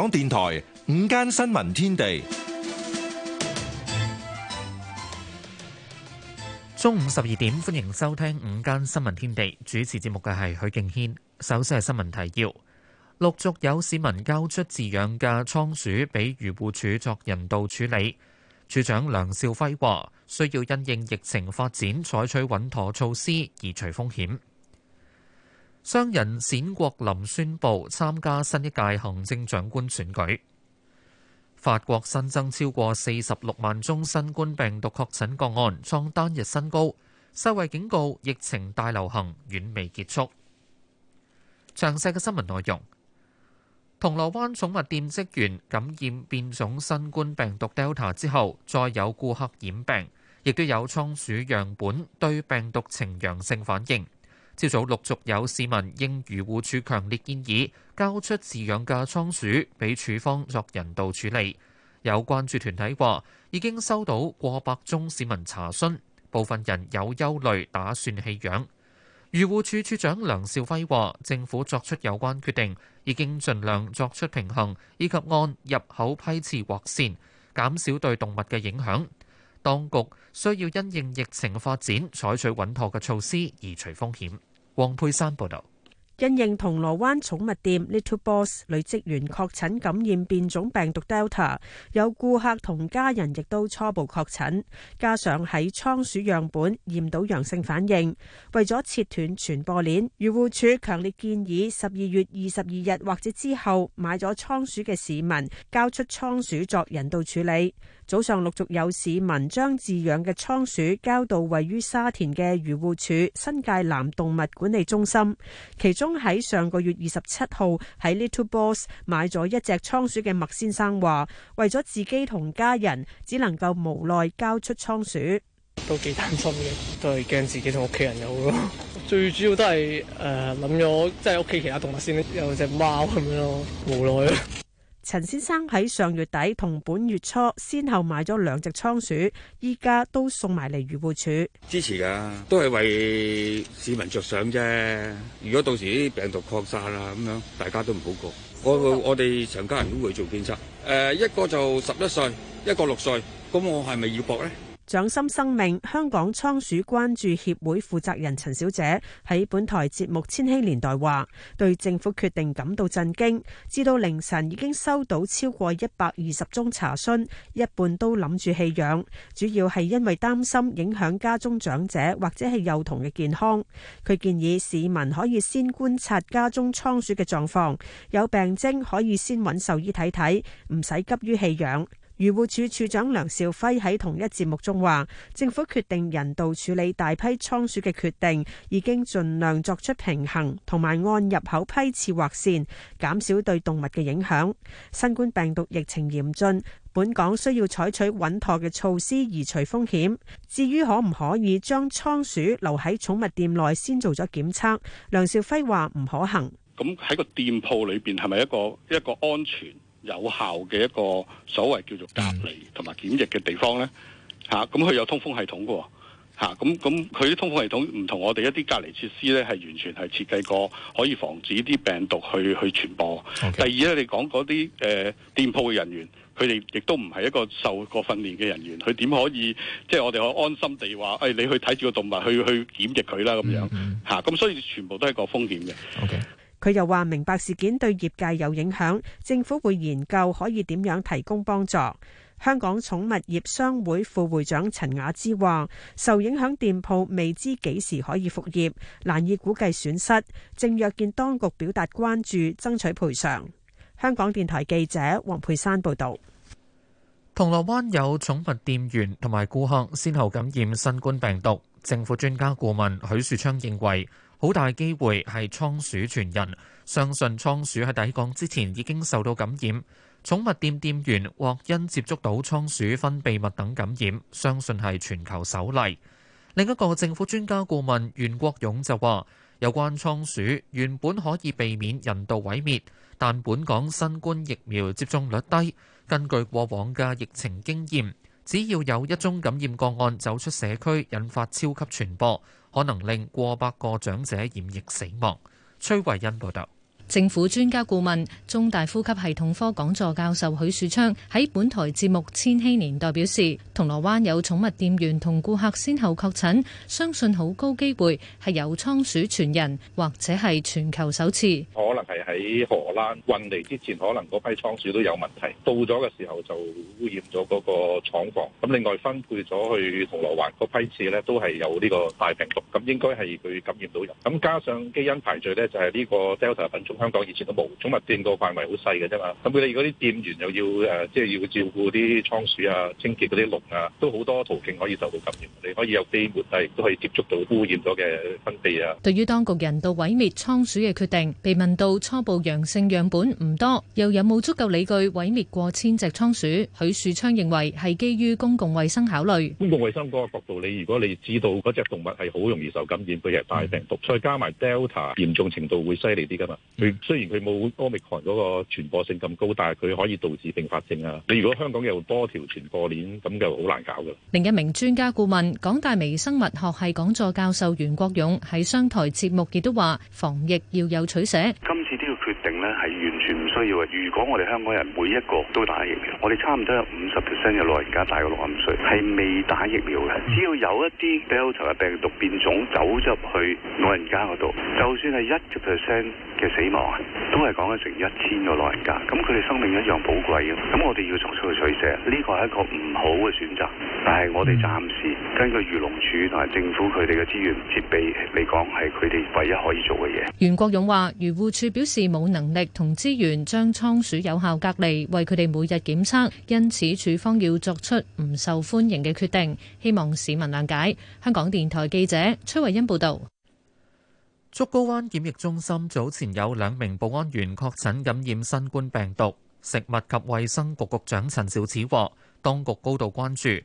香港電臺午間新聞天地，中午十二點，歡迎收聽午間新聞天地。主持節目嘅係許敬軒。首先係新聞提要：陸續有市民交出飼養嘅倉鼠俾漁護署作人道處理。署長梁肇輝話，需要因應疫情發展，採取穩妥措施移除風險。商人冼國林宣佈參加新一屆行政長官選舉。法國新增超過四十六萬宗新冠病毒確診個案，創單日新高，世衛警告疫情大流行遠未結束。詳細嘅新聞內容：銅鑼灣寵物店職員感染變種新冠病毒 Delta 之後，再有顧客染病，亦都有倉鼠樣本對病毒呈陽性反應。朝早陸續有市民應漁護署強烈建議，交出飼養嘅倉鼠俾署方作人道處理。有關注團體話，已經收到過百宗市民查詢，部分人有憂慮，打算棄養。漁護署署長梁少輝話，政府作出有關決定，已經盡量作出平衡，以及按入口批次劃線，減少對動物嘅影響。當局需要因應疫情嘅發展，採取穩妥嘅措施移除風險。黃佩珊報道：因應銅鑼灣寵物店 Little Boss 女職員確診感染變種病毒 Delta，有顧客同家人亦都初步確診，加上喺倉鼠樣本驗到陽性反應，為咗切斷傳播鏈，漁護署強烈建議十二月二十二日或者之後買咗倉鼠嘅市民交出倉鼠作人道處理。早上陸續有市民將自養嘅倉鼠交到位於沙田嘅漁護署新界南動物管理中心。其中喺上個月二十七號喺 Little Boss 買咗一隻倉鼠嘅麥先生話，為咗自己同家人，只能夠無奈交出倉鼠。都幾擔心嘅，都係驚自己同屋企人有咯，最主要都係誒諗咗即係屋企其他動物先有隻貓咁樣咯，無奈咯。陳先生喺上月底同本月初先後買咗兩隻倉鼠，依家都送埋嚟漁護署支持噶，都係為市民着想啫。如果到時啲病毒擴散啦，咁樣大家都唔好過。我我我哋成家人都會做檢測。誒，一個就十一歲，一個六歲，咁我係咪要搏咧？掌心生命香港倉鼠關注協會負責人陳小姐喺本台節目《千禧年代》話：對政府決定感到震驚，至到凌晨已經收到超過一百二十宗查詢，一半都諗住棄養，主要係因為擔心影響家中長者或者係幼童嘅健康。佢建議市民可以先觀察家中倉鼠嘅狀況，有病徵可以先揾獸醫睇睇，唔使急於棄養。漁護署署長梁兆輝喺同一節目中話，政府決定人道處理大批倉鼠嘅決定，已經盡量作出平衡，同埋按入口批次劃線，減少對動物嘅影響。新冠病毒疫情嚴峻，本港需要採取穩妥嘅措施移除風險。至於可唔可以將倉鼠留喺寵物店內先做咗檢測，梁兆輝話唔可行。咁喺個店鋪裏邊係咪一個一個安全？有效嘅一個所謂叫做隔離同埋檢疫嘅地方咧，嚇咁佢有通風系統嘅喎，咁咁佢啲通風系統唔同我哋一啲隔離設施咧，係完全係設計過可以防止啲病毒去去傳播。Okay. 第二咧，你講嗰啲誒店鋪嘅人員，佢哋亦都唔係一個受過訓練嘅人員，佢點可以即係、就是、我哋可以安心地話誒、哎、你去睇住個動物去去檢疫佢啦咁樣嚇，咁、嗯嗯啊嗯、所以全部都係一個風險嘅。Okay. 佢又話明白事件對業界有影響，政府會研究可以點樣提供幫助。香港寵物業商會副會長陳雅芝話，受影響店鋪未知幾時可以復業，難以估計損失，正約見當局表達關注，爭取賠償。香港電台記者黃佩珊報道。銅鑼灣有寵物店員同埋顧客先後感染新冠病毒，政府專家顧問許樹昌認為，好大機會係倉鼠傳人，相信倉鼠喺抵港之前已經受到感染。寵物店店員或因接觸到倉鼠分泌物等感染，相信係全球首例。另一個政府專家顧問袁國勇就話，有關倉鼠原本可以避免人道毀滅，但本港新冠疫苗接種率低。根據過往嘅疫情經驗，只要有一宗感染個案走出社區，引發超級傳播。可能令過百個長者染疫死亡。崔慧欣報道。政府專家顧問、中大呼吸系統科講座教授許樹昌喺本台節目《千禧年代》表示，銅鑼灣有寵物店員同顧客先後確診，相信好高機會係由倉鼠傳人，或者係全球首次。可能係喺荷蘭運嚟之前，可能嗰批倉鼠都有問題，到咗嘅時候就污染咗嗰個廠房。咁另外分配咗去銅鑼灣嗰批次咧，都係有呢個大病毒，咁應該係佢感染到人。咁加上基因排序咧，就係呢個 Delta 品種。香港以前都冇寵物店，個範圍好細嘅啫嘛，咁佢哋嗰啲店員又要誒，即係要照顧啲倉鼠啊、清潔嗰啲籠啊，都好多途徑可以受到感染。你可以有飛沫，但係亦都可以接觸到污染咗嘅分泌啊。對於當局人道毀滅倉鼠嘅決定，被問到初步陽性樣本唔多，又有冇足夠理據毀滅過千隻倉鼠？許樹昌認為係基於公共衛生考慮。公共衛生嗰個角度，你如果你知道嗰隻動物係好容易受感染，佢係大病毒，嗯、再加埋 Delta 嚴重程度會犀利啲噶嘛？雖然佢冇 omicron 嗰個傳播性咁高，但係佢可以導致併發症啊！你如果香港有多條傳播鏈，咁就好難搞噶。另一名專家顧問、港大微生物學系講座教授袁國勇喺商台節目亦都話：防疫要有取捨。今次呢個決定呢係完全。需要啊！如果我哋香港人每一個都打疫苗，我哋差唔多有五十 percent 嘅老人家大過六十五歲，係未打疫苗嘅。只要有一啲比較殘嘅病毒變種走入去老人家嗰度，就算係一個 percent 嘅死亡啊，都係講緊成一千個老人家。咁佢哋生命一樣寶貴嘅。咁我哋要從出去取捨，呢個係一個唔好嘅選擇，但係我哋暫時根據漁農署同埋政府佢哋嘅資源設備嚟講，係佢哋唯一可以做嘅嘢。袁國勇話：漁護署表示冇能力同資源。將倉鼠有效隔離，為佢哋每日檢測，因此處方要作出唔受歡迎嘅決定，希望市民諒解。香港電台記者崔慧欣報道。竹篙灣檢疫中心早前有兩名保安員確診感染新冠病毒，食物及衛生局局長陳肇始話，當局高度關注。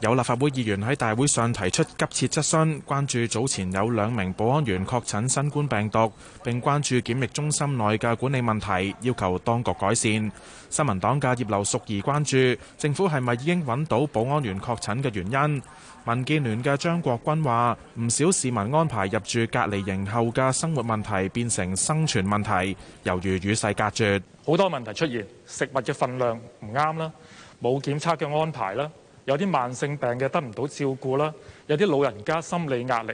有立法會議員喺大會上提出急切質詢，關注早前有兩名保安員確診新冠病毒，並關注檢疫中心內嘅管理問題，要求當局改善。新民黨嘅葉劉淑儀關注政府係咪已經揾到保安員確診嘅原因？民建聯嘅張國鈞話：唔少市民安排入住隔離營後嘅生活問題變成生存問題，猶如與世隔絕，好多問題出現，食物嘅份量唔啱啦，冇檢測嘅安排啦。有啲慢性病嘅得唔到照顧啦，有啲老人家心理壓力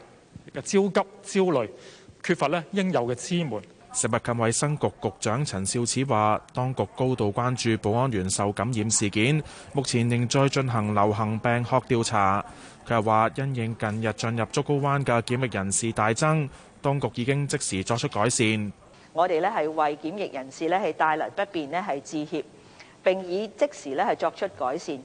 嘅焦急焦慮，缺乏咧應有嘅支援。食物及衛生局局長陳肇始話，當局高度關注保安員受感染事件，目前仍在進行流行病學調查。佢又話，因應近日進入竹篙灣嘅檢疫人士大增，當局已經即時作出改善。我哋咧係為檢疫人士咧係帶嚟不便咧係致歉，並以即時咧係作出改善。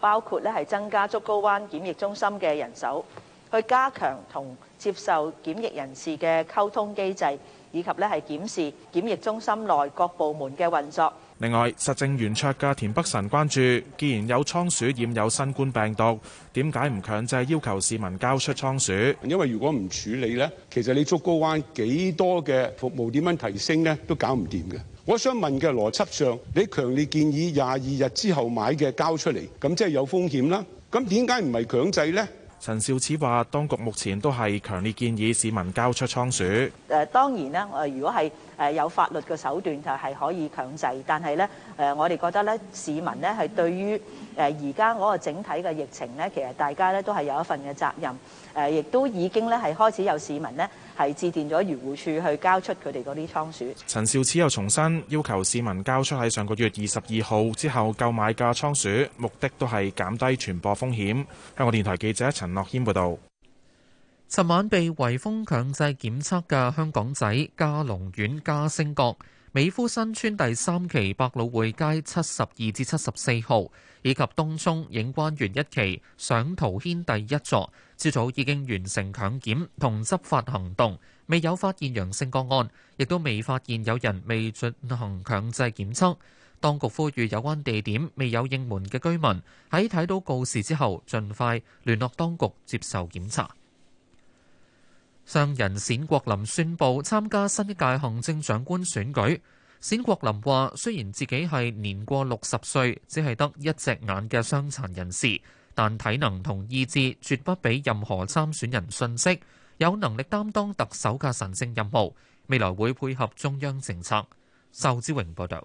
包括咧係增加竹篙灣檢疫中心嘅人手，去加強同接受檢疫人士嘅溝通機制，以及咧係檢視檢疫中心內各部門嘅運作。另外，實政圓桌嘅田北辰關注：既然有倉鼠染有新冠病毒，點解唔強制要求市民交出倉鼠？因為如果唔處理咧，其實你竹篙灣幾多嘅服務點樣提升咧，都搞唔掂嘅。我想問嘅邏輯上，你強烈建議廿二日之後買嘅交出嚟，咁即係有風險啦。咁點解唔係強制呢？陳肇始話：當局目前都係強烈建議市民交出倉鼠。誒當然咧，我如果係誒有法律嘅手段就係可以強制，但係呢，誒我哋覺得呢，市民呢係對於誒而家嗰個整體嘅疫情呢，其實大家呢都係有一份嘅責任。誒亦都已經咧係開始有市民呢。係致電咗漁護處去交出佢哋嗰啲倉鼠。陳肇始又重申要求市民交出喺上個月二十二號之後購買嘅倉鼠，目的都係減低傳播風險。香港電台記者陳樂軒報導。尋晚被圍封強制檢測嘅香港仔嘉隆苑嘉星閣。美孚新村第三期百老匯街七十二至七十四號，以及東涌映灣園一期上圖軒第一座，朝早已經完成強檢同執法行動，未有發現陽性個案，亦都未發現有人未進行強制檢測，當局呼籲有關地點未有應門嘅居民喺睇到告示之後盡快聯絡當局接受檢查。商人冼國林宣佈參加新一屆行政長官選舉。冼國林話：雖然自己係年過六十歲，只係得一隻眼嘅傷殘人士，但體能同意志絕不比任何參選人遜色，有能力擔當特首嘅神聖任務。未來會配合中央政策。仇志榮報導。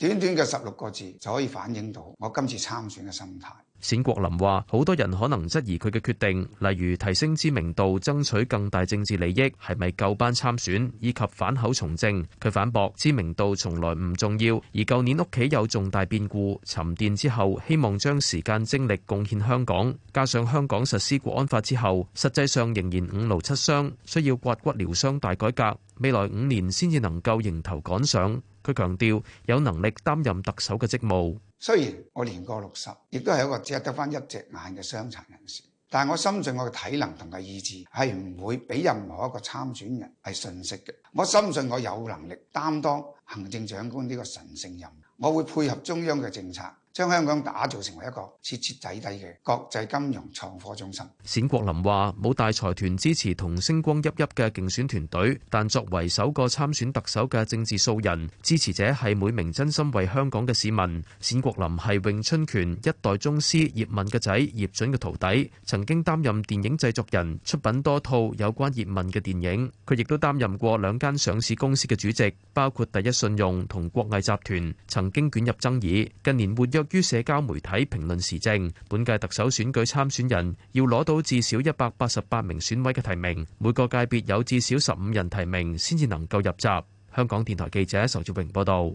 短短嘅十六個字就可以反映到我今次參選嘅心態。冼國林話，好多人可能質疑佢嘅決定，例如提升知名度、爭取更大政治利益，係咪夠班參選以及反口從政。佢反駁知名度從來唔重要，而舊年屋企有重大變故，沉澱之後，希望將時間精力貢獻香港。加上香港實施國安法之後，實際上仍然五勞七傷，需要刮骨療傷，大改革。未來五年先至能夠迎頭趕上。佢強調有能力擔任特首嘅職務。雖然我年過六十，亦都係一個只得翻一隻眼嘅傷殘人士，但係我深信我嘅體能同埋意志係唔會俾任何一個參選人係遜色嘅。我深信我有能力擔當行政長官呢個神聖任務，我會配合中央嘅政策。將香港打造成為一個徹徹底底嘅國際金融創科中心。冼國林話：冇大財團支持同星光熠熠嘅競選團隊，但作為首個參選特首嘅政治素人，支持者係每名真心為香港嘅市民。冼國林係詠春拳一代宗師葉問嘅仔葉準嘅徒弟，曾經擔任電影製作人，出品多套有關葉問嘅電影。佢亦都擔任過兩間上市公司嘅主席，包括第一信用同國藝集團，曾經捲入爭議。近年活躍，於社交媒體評論時政。本屆特首選舉參選人要攞到至少一百八十八名選委嘅提名，每個界別有至少十五人提名先至能夠入閘。香港電台記者仇志榮報道，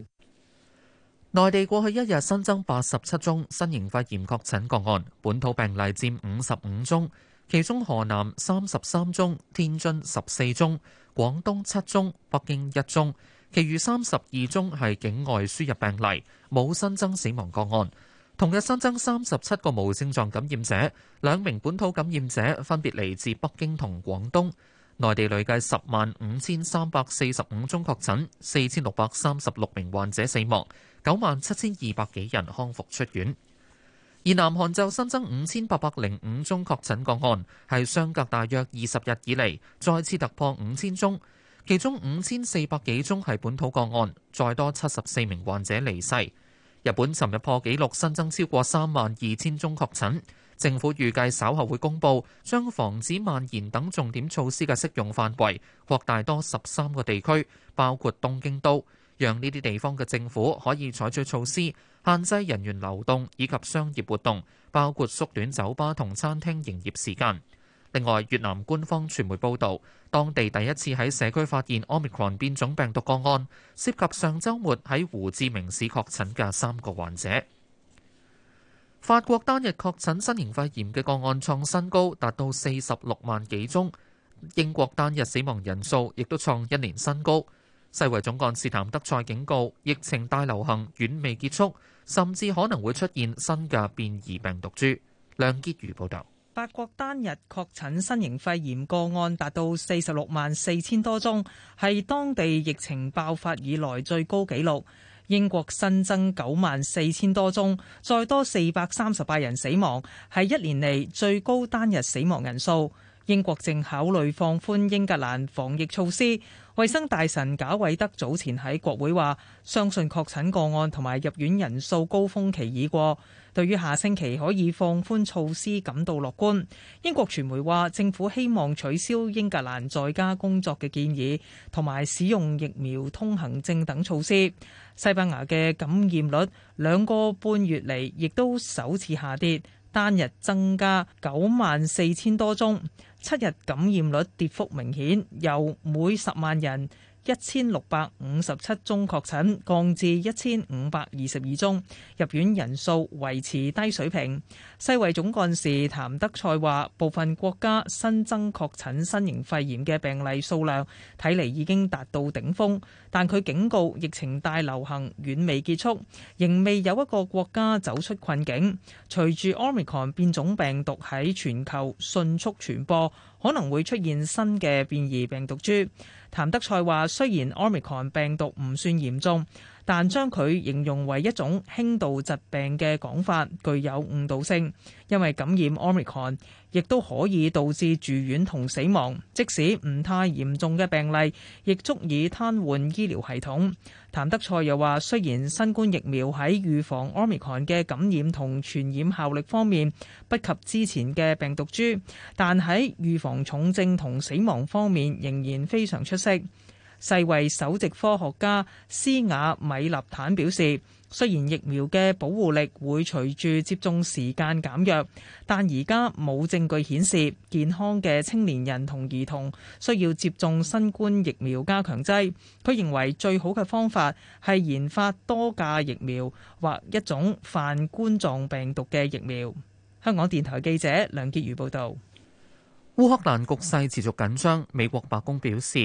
內地過去一日新增八十七宗新型肺炎確診個案，本土病例佔五十五宗，其中河南三十三宗，天津十四宗，廣東七宗，北京一宗。其餘三十二宗係境外輸入病例，冇新增死亡個案。同日新增三十七個無症狀感染者，兩名本土感染者分別嚟自北京同廣東。內地累計十萬五千三百四十五宗確診，四千六百三十六名患者死亡，九萬七千二百幾人康復出院。而南韓就新增五千八百零五宗確診個案，係相隔大約二十日以嚟再次突破五千宗。其中五千四百幾宗係本土個案，再多七十四名患者離世。日本尋日破紀錄新增超過三萬二千宗確診，政府預計稍後會公布將防止蔓延等重點措施嘅適用範圍擴大多十三個地區，包括東京都，讓呢啲地方嘅政府可以採取措施限制人員流動以及商業活動，包括縮短酒吧同餐廳營業時間。另外，越南官方傳媒報道，當地第一次喺社區發現 omicron 變種病毒個案，涉及上週末喺胡志明市確診嘅三個患者。法國單日確診新型肺炎嘅個案創新高，達到四十六萬幾宗。英國單日死亡人數亦都創一年新高。世衛總幹事譚德塞警告，疫情大流行遠未結束，甚至可能會出現新嘅變異病毒株。梁潔如報道。法國單日確診新型肺炎個案達到四十六萬四千多宗，係當地疫情爆發以來最高紀錄。英國新增九萬四千多宗，再多四百三十八人死亡，係一年嚟最高單日死亡人數。英國正考慮放寬英格蘭防疫措施。衛生大臣賈偉德早前喺國會話：相信確診個案同埋入院人數高峰期已過，對於下星期可以放寬措施感到樂觀。英國傳媒話，政府希望取消英格蘭在家工作嘅建議同埋使用疫苗通行證等措施。西班牙嘅感染率兩個半月嚟亦都首次下跌，單日增加九萬四千多宗。七日感染率跌幅明顯，由每十萬人一千六百五十七宗確診降至一千五百二十二宗，入院人數維持低水平。世衛總幹事譚德塞話：部分國家新增確診新型肺炎嘅病例數量，睇嚟已經達到頂峰，但佢警告疫情大流行遠未結束，仍未有一個國家走出困境。隨住 Omicron 變種病毒喺全球迅速傳播。可能會出現新嘅變異病毒株。譚德塞話：雖然 Omicron 病毒唔算嚴重，但將佢形容為一種輕度疾病嘅講法，具有誤導性，因為感染 Omicron。亦都可以導致住院同死亡，即使唔太嚴重嘅病例，亦足以癱瘓醫療系統。譚德賽又話：雖然新冠疫苗喺預防 Omicron 嘅感染同傳染效力方面不及之前嘅病毒株，但喺預防重症同死亡方面仍然非常出色。世衛首席科學家斯瓦米納坦表示，雖然疫苗嘅保護力會隨住接種時間減弱，但而家冇證據顯示健康嘅青年人同兒童需要接種新冠疫苗加強劑。佢認為最好嘅方法係研發多價疫苗或一種泛冠狀病毒嘅疫苗。香港電台記者梁潔如報導。烏克蘭局勢持續緊張，美國白宮表示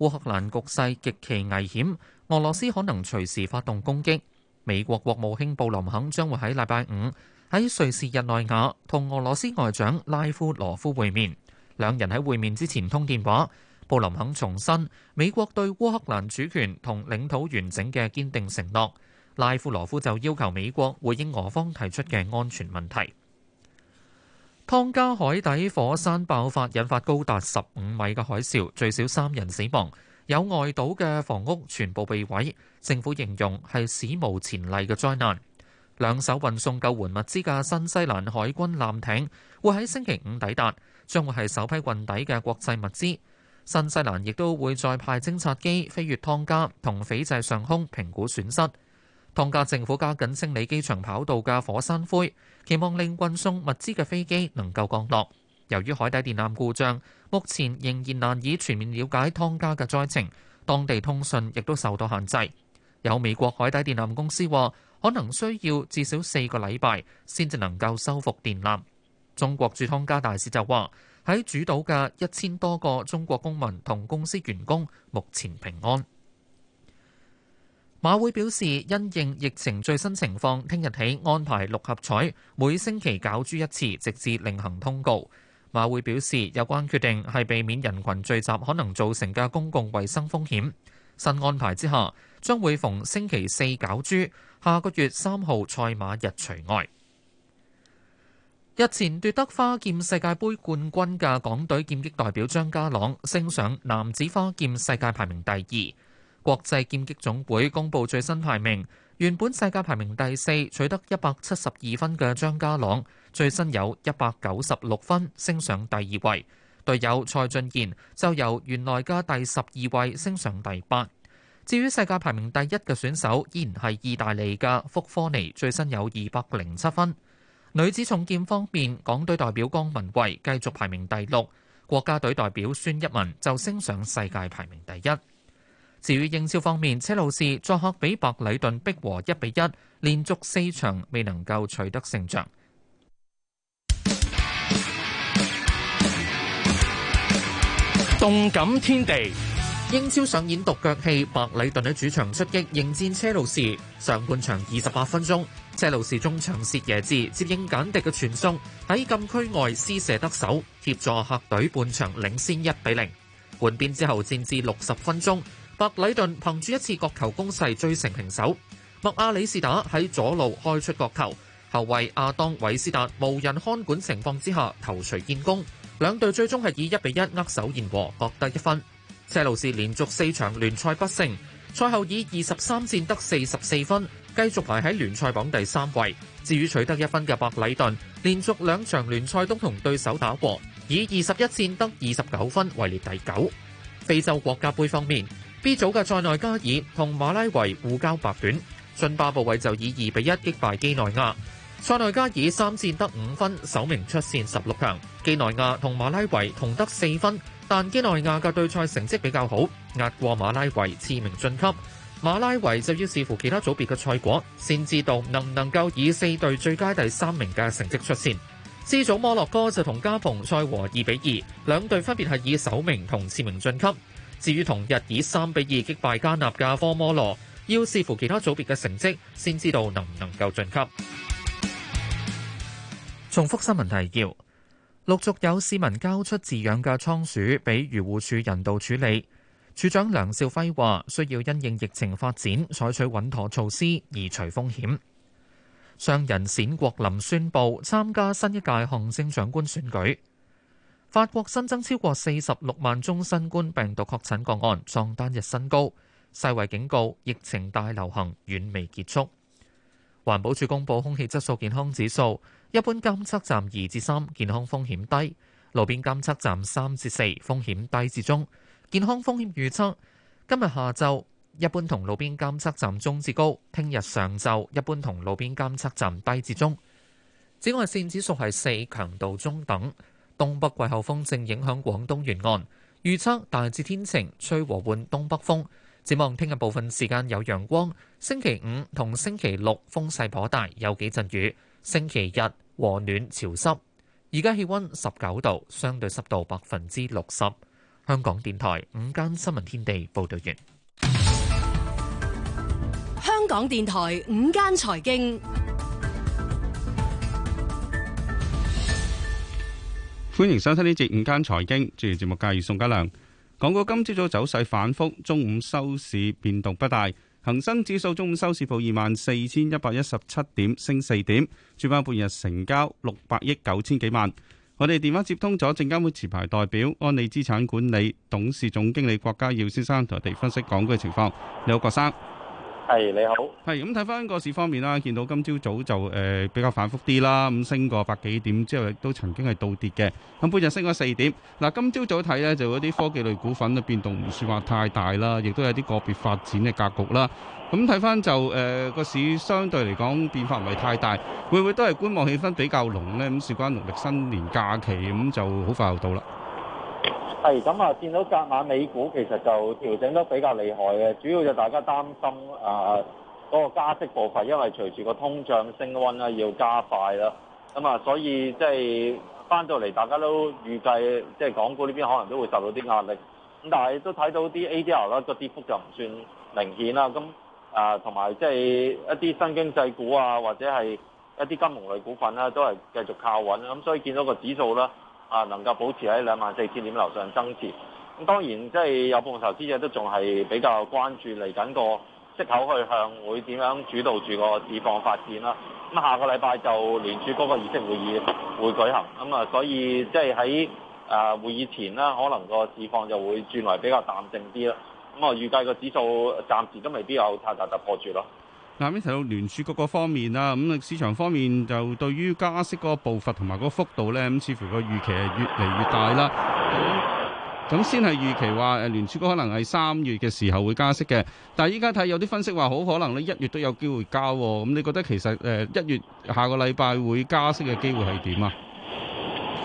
烏克蘭局勢極其危險，俄羅斯可能隨時發動攻擊。美國國務卿布林肯將會喺禮拜五喺瑞士日內瓦同俄羅斯外長拉夫羅夫會面，兩人喺會面之前通電話。布林肯重申美國對烏克蘭主權同領土完整嘅堅定承諾。拉夫羅夫就要求美國回應俄方提出嘅安全問題。湯加海底火山爆發引發高達十五米嘅海嘯，最少三人死亡。有外島嘅房屋全部被毀，政府形容係史無前例嘅災難。兩艘運送救援物資嘅新西蘭海軍艦艇會喺星期五抵達，將會係首批運抵嘅國際物資。新西蘭亦都會再派偵察機飛越湯加同斐濟上空評估損失。湯加政府加緊清理機場跑道嘅火山灰，期望令運送物資嘅飛機能夠降落。由於海底電纜故障，目前仍然難以全面了解湯加嘅災情，當地通訊亦都受到限制。有美國海底電纜公司話，可能需要至少四個禮拜先至能夠修復電纜。中國駐湯加大使就話，喺主島嘅一千多個中國公民同公司員工目前平安。馬會表示，因應疫情最新情況，聽日起安排六合彩每星期攪珠一次，直至另行通告。馬會表示，有關決定係避免人群聚集可能造成嘅公共衛生風險。新安排之下，將會逢星期四攪珠，下個月三號賽馬日除外。日前奪得花劍世界杯冠軍嘅港隊劍擊代表張家朗升上男子花劍世界排名第二。國際劍擊總會公布最新排名。原本世界排名第四，取得一百七十二分嘅張家朗，最新有一百九十六分，升上第二位。隊友蔡俊賢就由原來嘅第十二位升上第八。至於世界排名第一嘅選手，依然係意大利嘅福科尼，最新有二百零七分。女子重劍方面，港隊代表江文慧繼續排名第六，國家隊代表孫一文就升上世界排名第一。至於英超方面，車路士作客比白里頓逼和一比一，連續四場未能夠取得勝仗。動感天地英超上演獨腳戲，白里頓喺主場出擊迎戰車路士。上半場二十八分鐘，車路士中場涉夜字接應簡迪嘅傳送喺禁區外施射得手，協助客隊半場領先一比零。換邊之後戰至六十分鐘。白里頓憑住一次角球攻勢追成平手，麥阿里士打喺左路開出角球，後衛阿當韋斯達無人看管情況之下頭錘建功，兩隊最終係以一比一握手言和，各得一分。車路士連續四場聯賽不勝，賽後以二十三戰得四十四分，繼續排喺聯賽榜第三位。至於取得一分嘅白里頓，連續兩場聯賽都同對手打和，以二十一戰得二十九分位列第九。非洲國家杯方面。B 組嘅塞內加爾同馬拉維互交白卷，津巴布韋就以二比一擊敗基內亞。塞內加爾三戰得五分，首名出線十六強。基內亞同馬拉維同得四分，但基內亞嘅對賽成績比較好，壓過馬拉維次名進級。馬拉維就要視乎其他組別嘅賽果，先知道能唔能夠以四隊最佳第三名嘅成績出線。C 組摩洛哥就同加蓬賽和二比二，兩隊分別係以首名同次名進級。至於同日以三比二擊敗加納嘅科摩羅，要視乎其他組別嘅成績，先知道能唔能夠晉級。重複新聞提要：陸續有市民交出飼養嘅倉鼠，俾漁護署人道處理。署長梁肇輝話：需要因應疫情發展，採取穩妥措施，移除風險。商人冼國林宣布參加新一屆行政長官選舉。法國新增超過四十六萬宗新冠病毒確診個案，創單日新高。世衛警告，疫情大流行遠未結束。環保署公布空氣質素健康指數，一般監測站二至三，健康風險低；路邊監測站三至四，風險低至中。健康風險預測：今日下晝一般同路邊監測站中至高；聽日上晝一般同路邊監測站低至中。紫外線指數係四，強度中等。東北季候風正影響廣東沿岸，預測大致天晴，吹和緩東北風。展望聽日部分時間有陽光，星期五同星期六風勢頗大，有幾陣雨。星期日和暖潮濕。而家氣温十九度，相對濕度百分之六十。香港電台午間新聞天地報道完。香港電台午間財經。歡迎收聽呢節午間財經，主持節目嘅係宋家良。港股今朝早走勢反復，中午收市變動不大。恒生指數中午收市報二萬四千一百一十七點，升四點。主板半日成交六百億九千幾萬。我哋電話接通咗證監會持牌代表安利資產管理董事總經理郭家耀先生，同我哋分析港股嘅情況。你好，郭生。係你好，係咁睇翻個市方面啦，見到今朝早，早就誒、呃、比較反復啲啦，咁升過百幾點之後，亦都曾經係倒跌嘅，咁本日升咗四點。嗱，今朝早睇呢，就嗰啲科技類股份嘅變動唔算話太大啦，亦都有啲個別發展嘅格局啦。咁睇翻就誒個、呃、市相對嚟講變化唔係太大，會唔會都係觀望氣氛比較濃呢？咁事關農曆新年假期咁就好快又到啦。係咁啊，見到隔晚美股其實就調整得比較厲害嘅，主要就大家擔心啊嗰、那個加息步伐，因為隨住個通脹升溫啦，要加快啦。咁啊，所以即係翻到嚟，大家都預計即係、就是、港股呢邊可能都會受到啲壓力。咁但係都睇到啲 ADR 啦，個跌幅就唔算明顯啦。咁啊，同埋即係一啲新經濟股啊，或者係一啲金融類股份啦、啊，都係繼續靠穩。咁所以見到個指數啦。啊，能夠保持喺兩萬四千點樓上增持。咁當然，即係有部分投資者都仲係比較關注嚟緊個息口去向會點樣主導住個市況發展啦。咁下個禮拜就聯儲局個議息會議會舉行，咁啊，所以即係喺啊會議前啦，可能個市況就會轉為比較淡靜啲啦。咁啊，預計個指數暫時都未必有太大突破住咯。下面提到聯儲局個方面啦，咁啊市場方面就對於加息嗰個步伐同埋嗰個幅度咧，咁似乎個預期係越嚟越大啦。咁先係預期話，誒聯儲局可能係三月嘅時候會加息嘅。但係依家睇有啲分析話，好可能咧一月都有機會加。咁你覺得其實誒一月下個禮拜會加息嘅機會係點啊？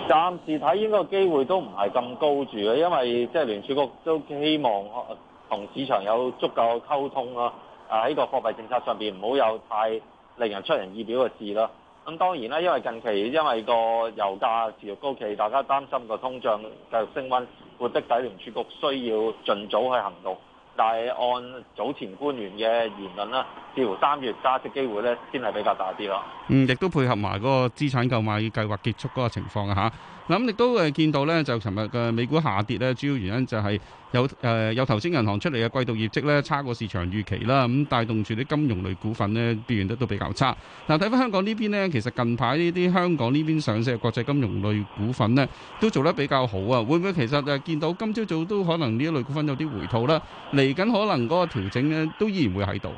暫時睇應該機會都唔係咁高住嘅，因為即係聯儲局都希望同市場有足夠嘅溝通啦、啊。啊！喺個貨幣政策上邊唔好有太令人出人意表嘅事啦。咁、啊、當然啦，因為近期因為個油價持續高企，大家擔心個通脹繼續升溫，貨幣底聯儲局需要盡早去行動。但係按早前官員嘅言論啦，似乎三月加息機會咧先係比較大啲咯。嗯，亦都配合埋嗰個資產購買計劃結束嗰個情況啊！嚇、嗯。咁亦都誒見到咧，就尋日嘅美股下跌咧，主要原因就係有誒有投資銀行出嚟嘅季度業績咧，差過市場預期啦，咁帶動住啲金融類股份咧，表現得都比較差。嗱，睇翻香港呢邊呢，其實近排呢啲香港呢邊上市嘅國際金融類股份呢，都做得比較好啊。會唔會其實誒見到今朝早都可能呢一類股份有啲回吐啦？嚟緊可能嗰個調整呢，都依然會喺度。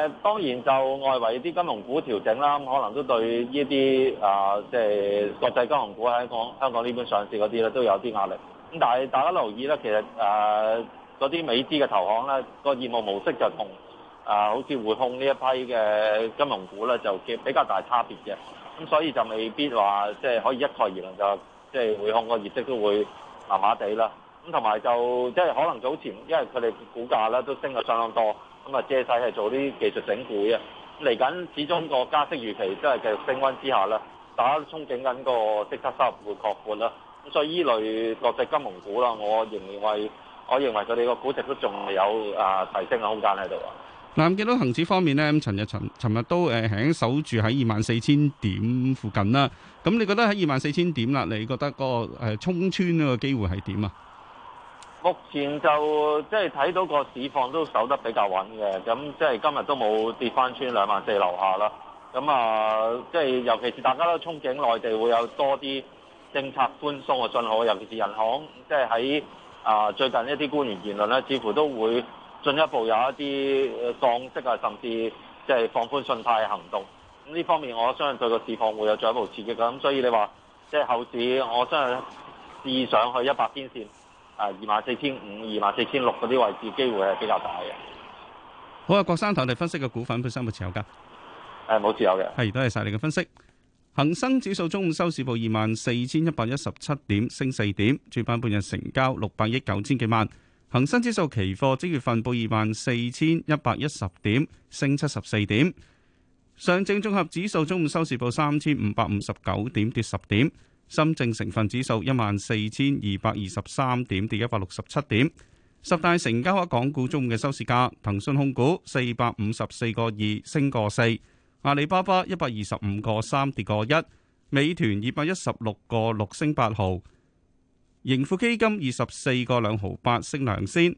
誒當然就外圍啲金融股調整啦，可能都對呢啲啊，即係國際金融股喺港香港呢邊上市嗰啲咧，都有啲壓力。咁但係大家留意咧，其實誒嗰啲美資嘅投行咧，個業務模式就同誒好似匯控呢一批嘅金融股咧就比較大差別嘅。咁所以就未必話即係可以一概而論就即係匯控個業績都會麻麻地啦。咁同埋就即係可能早前因為佢哋股價咧都升咗相當多。咁啊，借勢係做啲技術整固啊！嚟緊始終個加息預期真係繼續升溫之下，打憧憬緊個息差收盤擴闊啦。咁所以依類國際金融股啦，我認為，我認為佢哋個估值都仲未有啊提升嘅空間喺度啊。嗱，見到恒指方面咧，咁尋日、尋尋日都誒守住喺二萬四千點附近啦。咁你覺得喺二萬四千點啦，你覺得個誒衝穿嘅機會係點啊？目前就即係睇到個市況都走得比較穩嘅，咁即係今日都冇跌翻穿兩萬四樓下啦。咁啊，即係尤其是大家都憧憬內地會有多啲政策寬鬆嘅信號，尤其是人行即係喺啊最近一啲官員言論咧，似乎都會進一步有一啲降息啊，甚至即係放寬信貸行動。咁呢方面我相信對個市況會有進一步刺激嘅。咁所以你話即係後市，我相信試上去一百天線。啊！二萬四千五、二萬四千六嗰啲位置，機會係比較大嘅。好啊，郭生，頭先你分析嘅股份，本身有冇持有噶？誒，冇持有嘅。係，多謝曬你嘅分析。恒生指數中午收市報二萬四千一百一十七點，升四點。主板半日成交六百億九千幾萬。恒生指數期貨即月份報二萬四千一百一十點，升七十四點。上證綜合指數中午收市報三千五百五十九點，跌十點。深證成分指數一萬四千二百二十三點，跌一百六十七點。十大成交額港股中午嘅收市價：騰訊控股四百五十四個二，升個四；阿里巴巴一百二十五個三，跌個一；美團二百一十六個六，升八毫；盈富基金二十四個兩毫八，升兩仙。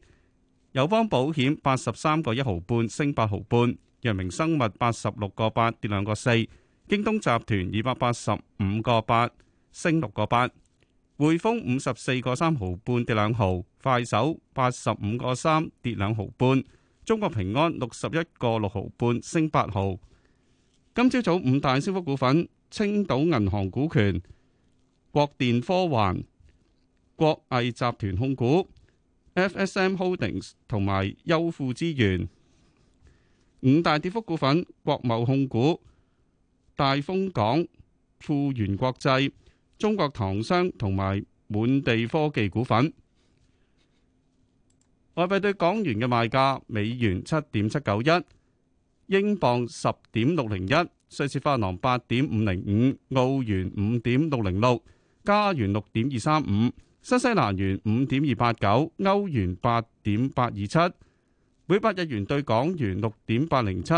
友邦保險八十三個一毫半，升八毫半；藥明生物八十六個八，跌兩個四；京東集團二百八十五個八。升六個八，匯豐五十四個三毫半，跌兩毫，快手八十五個三，跌兩毫半，中國平安六十一個六毫半，升八毫。今朝早五大升幅股份：青島銀行股權、國電科環、國藝集團控股、FSM Holdings 同埋優富資源。五大跌幅股份：國貿控股、大豐港、富源國際。中國唐商同埋滿地科技股份，外幣對港元嘅賣價：美元七點七九一，英鎊十點六零一，瑞士法郎八點五零五，澳元五點六零六，加元六點二三五，新西蘭元五點二八九，歐元八點八二七，每百日元對港元六點八零七，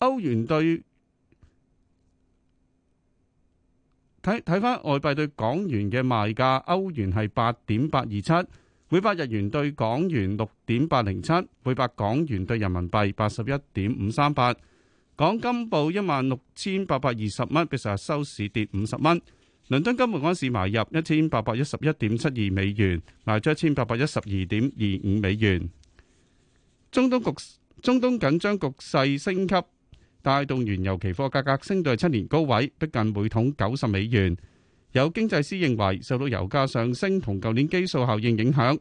歐元對。睇睇翻外幣對港元嘅賣價，歐元係八點八二七，每百日元對港元六點八零七，每百港元對人民幣八十一點五三八。港金報一萬六千八百二十蚊，比成日收市跌五十蚊。倫敦金每盎司買入一千八百一十一點七二美元，賣咗一千八百一十二點二五美元。中東局中東緊張局勢升級。帶動原油期貨價格升到係七年高位，逼近每桶九十美元。有經濟師認為，受到油價上升同舊年基數效應影響，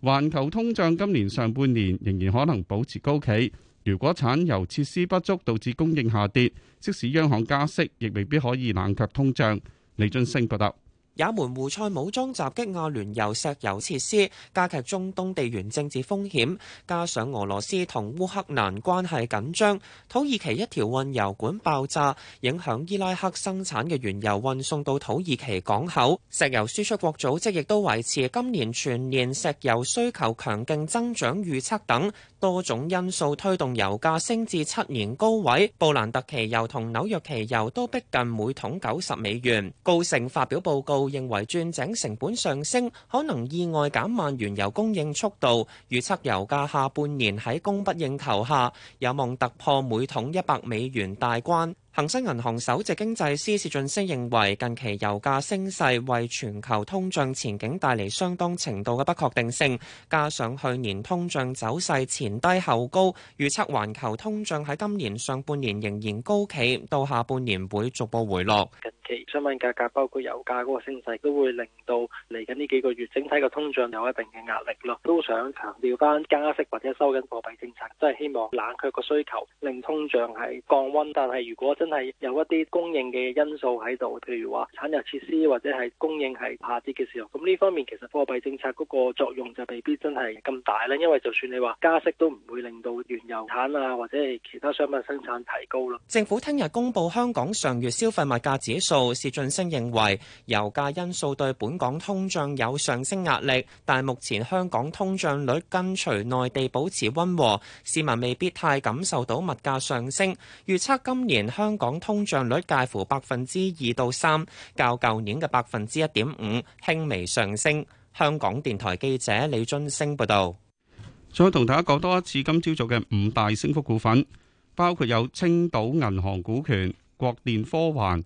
環球通脹今年上半年仍然可能保持高企。如果產油設施不足導致供應下跌，即使央行加息，亦未必可以冷卻通脹。李津升報道。也門胡塞武裝襲擊阿聯酋石油設施，加劇中東地緣政治風險，加上俄羅斯同烏克蘭關係緊張，土耳其一條運油管爆炸，影響伊拉克生產嘅原油運送到土耳其港口。石油輸出國組織亦都維持今年全年石油需求強勁增長預測等。多種因素推動油價升至七年高位，布蘭特期油同紐約期油都逼近每桶九十美元。高盛發表報告認為，鑽井成本上升可能意外減慢原油供應速度，預測油價下半年喺供不應求下有望突破每桶一百美元大關。恒生銀行首席經濟師薛俊昇認為，近期油價升勢為全球通脹前景帶嚟相當程度嘅不確定性，加上去年通脹走勢前低後高，預測環球通脹喺今年上半年仍然高企，到下半年會逐步回落。近期商品價格包括油價嗰個升勢，都會令到嚟緊呢幾個月整體嘅通脹有一定嘅壓力咯。都想強調翻加息或者收緊貨幣政策，即係希望冷卻個需求，令通脹係降溫。但係如果真係有一啲供應嘅因素喺度，譬如話產油設施或者係供應係下跌嘅時候，咁呢方面其實貨幣政策嗰個作用就未必真係咁大啦，因為就算你話加息都唔會令到原油產啊或者係其他商品生產提高咯。政府聽日公布香港上月消費物價指數，薛俊升認為油價因素對本港通脹有上升壓力，但係目前香港通脹率跟隨內地保持溫和，市民未必太感受到物價上升。預測今年香香港通漲率介乎百分之二到三，較舊年嘅百分之一點五輕微上升。香港電台記者李津升報道。再同大家講多一次今朝早嘅五大升幅股份，包括有青島銀行股權、國電科環、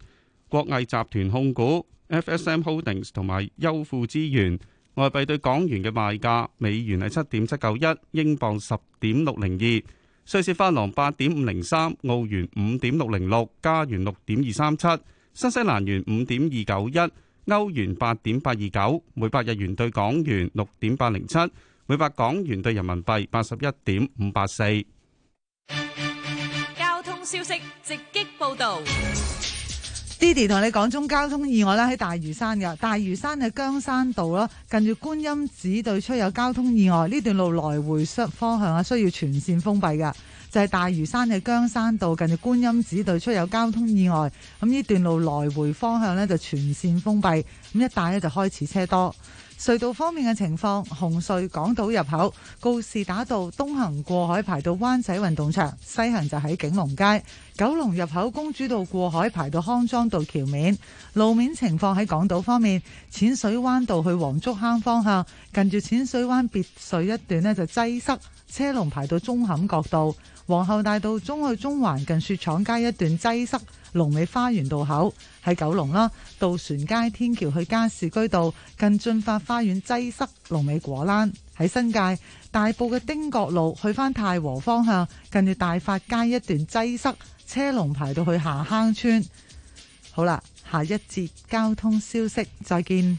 國藝集團控股、FSM Holdings 同埋優富資源。外幣對港元嘅賣價，美元係七點七九一，英鎊十點六零二。瑞士法郎八點五零三，澳元五點六零六，加元六點二三七，新西蘭元五點二九一，歐元八點八二九，每百日元兌港元六點八零七，每百港元兌人民幣八十一點五八四。交通消息直擊報道。Didi 同你講中交通意外啦，喺大嶼山嘅大嶼山嘅姜山道咯，近住觀音寺對出有交通意外，呢段路來回雙向啊，需要全線封閉噶，就係、是、大嶼山嘅姜山道近住觀音寺對出有交通意外，咁呢段路來回方向咧，就全線封閉，咁一帶咧就開始車多。隧道方面嘅情況，紅隧港島入口告士打道東行過海排到灣仔運動場，西行就喺景隆街；九龍入口公主道過海排到康莊道橋面。路面情況喺港島方面，淺水灣道去黃竹坑方向，近住淺水灣別墅一段呢就擠塞。車龍排到中坎角道，皇后大道中去中環近雪廠街一段擠塞，龍尾花園道口喺九龍啦；渡船街天橋去加士居道近駿發花園擠塞，龍尾果欄喺新界；大埔嘅丁角路去翻太和方向近住大發街一段擠塞，車龍排到去下坑村。好啦，下一節交通消息，再見。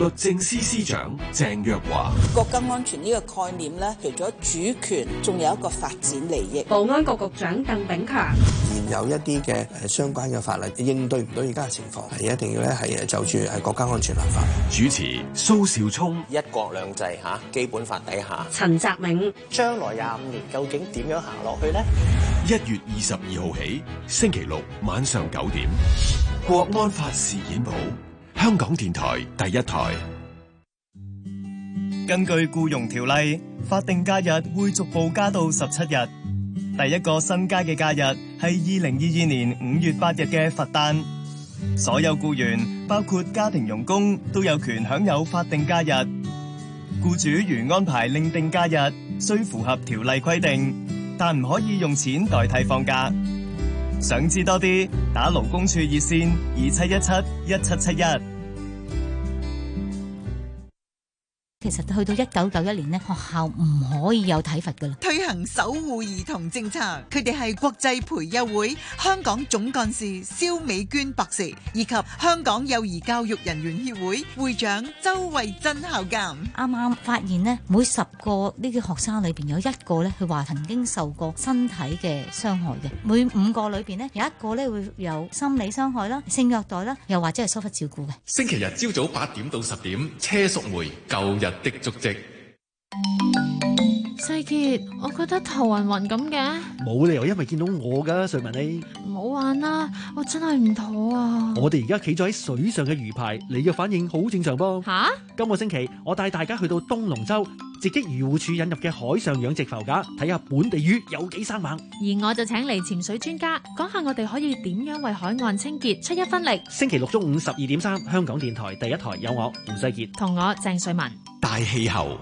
律政司司長鄭若驊，國家安,安全呢個概念咧，除咗主權，仲有一個發展利益。保安局局長鄧炳強，現有一啲嘅誒相關嘅法律應對唔到而家嘅情況，係一定要咧係就住係國家安,安全立法。主持蘇少聰，一國兩制吓，基本法底下，陳澤銘，將來廿五年究竟點樣行落去呢？一月二十二號起，星期六晚上九點，國安法事件簿。香港電台第一台。根據僱傭條例，法定假日會逐步加到十七日。第一個新加嘅假日係二零二二年五月八日嘅佛誕。所有僱員，包括家庭傭工，都有權享有法定假日。僱主如安排另定假日，需符合條例規定，但唔可以用錢代替放假。想知多啲，打勞工處熱線二七一七一七七一。其實去到一九九一年咧，學校唔可以有體罰噶啦。推行守護兒童政策，佢哋係國際培幼會香港總幹事蕭美娟博士，以及香港幼兒教育人員協會會長周慧珍校監。啱啱發現咧，每十個呢啲學生裏邊有一個咧，佢話曾經受過身體嘅傷害嘅；每五個裏邊咧，有一個咧會有心理傷害啦、性虐待啦，又或者係疏忽照顧嘅。星期日朝早八點到十點，車淑梅舊日的足跡，世杰，我覺得頭暈暈咁嘅，冇理由，因為見到我噶。瑞文你，你唔好玩啦，我真係唔妥啊。我哋而家企咗喺水上嘅魚排，你嘅反應好正常噃嚇、啊。今個星期我帶大家去到東龍洲，直擊漁護署引入嘅海上養殖浮架，睇下本地魚有幾生猛。而我就請嚟潛水專家講下，我哋可以點樣為海岸清潔出一分力。星期六中午十二點三，香港電台第一台有我胡世杰同我鄭瑞文。大氣候，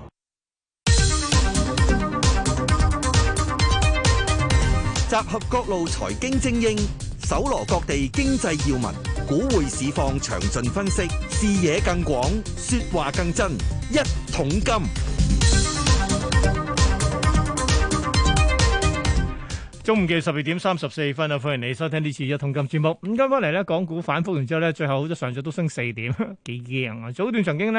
集合各路財經精英，搜羅各地經濟要聞，股匯市況詳盡分析，視野更廣，說話更真。一桶金，中午嘅十二點三十四分啊！歡迎你收聽呢次一桶金節目。咁今日翻嚟咧，港股反復完之後咧，最後好多，上晝都升四點，幾驚啊！早段曾經咧。